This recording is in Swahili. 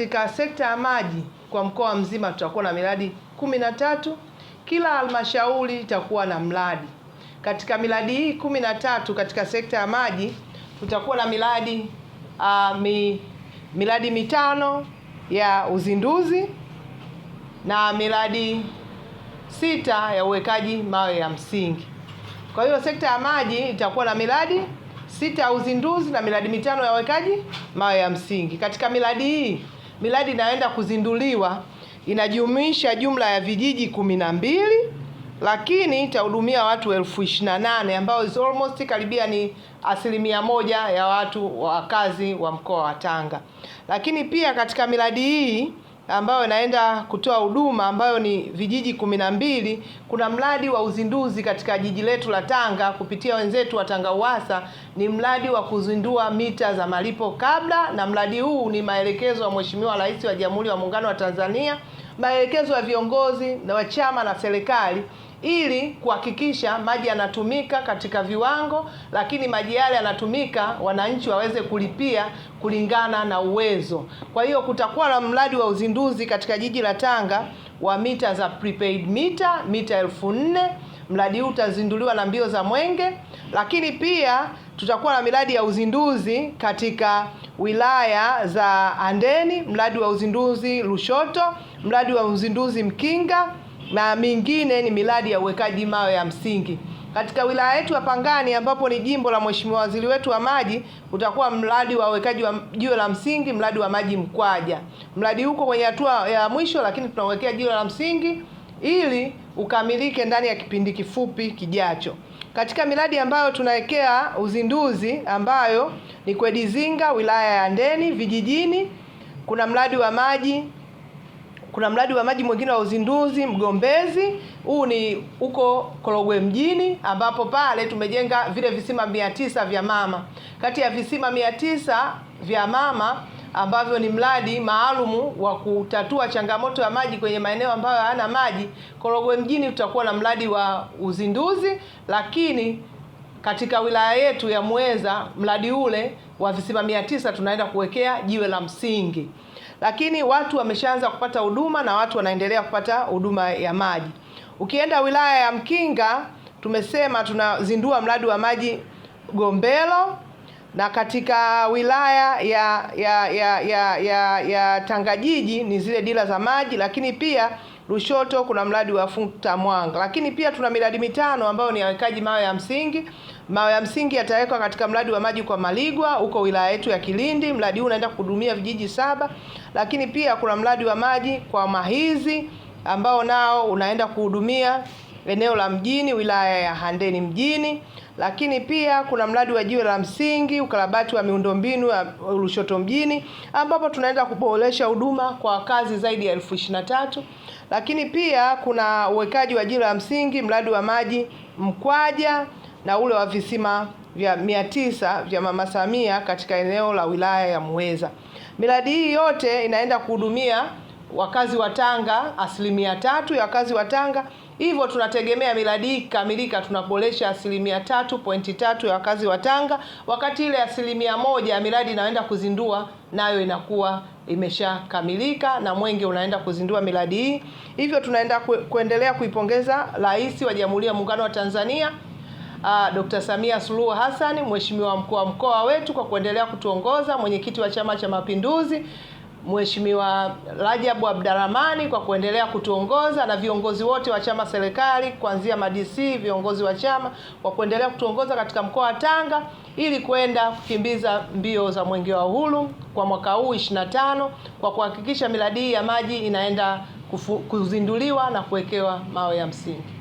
Katika sekta ya maji kwa mkoa mzima tutakuwa na miradi kumi na tatu. Kila halmashauri itakuwa na mradi. Katika miradi hii kumi na tatu katika sekta ya maji tutakuwa na miradi uh, mi, miradi mitano ya uzinduzi na miradi sita ya uwekaji mawe ya msingi. Kwa hiyo sekta ya maji itakuwa na miradi sita ya uzinduzi na miradi mitano ya uwekaji mawe ya msingi. Katika miradi hii miradi inayoenda kuzinduliwa inajumuisha jumla ya vijiji kumi na mbili lakini itahudumia watu elfu ishirini na nane ambao is almost karibia ni asilimia moja ya watu wakazi wa mkoa wa Tanga. Lakini pia katika miradi hii ambayo inaenda kutoa huduma ambayo ni vijiji kumi na mbili. Kuna mradi wa uzinduzi katika jiji letu la Tanga kupitia wenzetu wa Tanga Uwasa, ni mradi wa kuzindua mita za malipo kabla, na mradi huu ni maelekezo ya Mheshimiwa Rais wa Jamhuri ya Muungano wa Tanzania, maelekezo ya viongozi na wa chama na serikali ili kuhakikisha maji yanatumika katika viwango, lakini maji yale yanatumika, wananchi waweze kulipia kulingana na uwezo. Kwa hiyo kutakuwa na mradi wa uzinduzi katika jiji la Tanga wa mita za prepaid mita mita elfu nne. Mradi huu utazinduliwa na mbio za Mwenge, lakini pia tutakuwa na miradi ya uzinduzi katika wilaya za andeni mradi wa uzinduzi Lushoto, mradi wa uzinduzi Mkinga na mingine ni miradi ya uwekaji mawe ya msingi katika wilaya yetu ya Pangani ambapo ni jimbo la Mheshimiwa Waziri wetu wa maji, utakuwa mradi wa uwekaji wa jiwe la msingi, mradi wa maji Mkwaja. Mradi huko kwenye hatua ya mwisho, lakini tunauwekea jiwe la msingi ili ukamilike ndani ya kipindi kifupi kijacho. Katika miradi ambayo tunawekea uzinduzi ambayo ni Kwedizinga, wilaya ya ndeni vijijini, kuna mradi wa maji kuna mradi wa maji mwingine wa uzinduzi Mgombezi, huu ni huko Korogwe mjini, ambapo pale tumejenga vile visima mia tisa vya mama. Kati ya visima mia tisa vya mama ambavyo ni mradi maalumu wa kutatua changamoto ya maji kwenye maeneo ambayo hayana maji, Korogwe mjini tutakuwa na mradi wa uzinduzi, lakini katika wilaya yetu ya mweza mradi ule wa visima mia tisa tunaenda kuwekea jiwe la msingi, lakini watu wameshaanza kupata huduma na watu wanaendelea kupata huduma ya maji. Ukienda wilaya ya Mkinga, tumesema tunazindua mradi wa maji Gombelo na katika wilaya ya ya ya ya, ya, ya Tangajiji ni zile dira za maji, lakini pia Lushoto kuna mradi wa Funta Mwanga, lakini pia tuna miradi mitano ambayo ni yawekaji mawe ya msingi. Mawe ya msingi yatawekwa katika mradi wa maji kwa Maligwa huko wilaya yetu ya Kilindi. Mradi huu unaenda kuhudumia vijiji saba, lakini pia kuna mradi wa maji kwa Mahizi ambao nao unaenda kuhudumia eneo la mjini wilaya ya Handeni mjini lakini pia kuna mradi wa jiwe la msingi, ukarabati wa miundombinu ya Lushoto mjini, ambapo tunaenda kuboresha huduma kwa wakazi zaidi ya elfu ishirini na tatu lakini pia kuna uwekaji wa jiwe la msingi, mradi wa maji Mkwaja na ule wa visima vya mia tisa vya Mama Samia katika eneo la wilaya ya Muheza. Miradi hii yote inaenda kuhudumia wakazi wa Tanga, asilimia tatu ya wakazi wa Tanga. Hivyo tunategemea miradi hii kikamilika, tunaboresha asilimia tatu pointi tatu ya wakazi wa Tanga, wakati ile asilimia moja ya miradi inaenda kuzindua nayo inakuwa imeshakamilika na mwenge unaenda kuzindua miradi hii. Hivyo tunaenda kuendelea kuipongeza Rais wa Jamhuri ya Muungano wa Tanzania Uh, Dr. Samia Suluhu Hassan, Mheshimiwa mkuu wa mkoa wetu kwa kuendelea kutuongoza, mwenyekiti wa Chama cha Mapinduzi Mheshimiwa Rajabu Abdarahmani kwa kuendelea kutuongoza na viongozi wote wa chama serikali kuanzia madisi viongozi wa chama kwa kuendelea kutuongoza katika mkoa wa Tanga ili kwenda kukimbiza mbio za Mwenge wa Uhuru kwa mwaka huu 25 kwa kuhakikisha miradi hii ya maji inaenda kufu, kuzinduliwa na kuwekewa mawe ya msingi.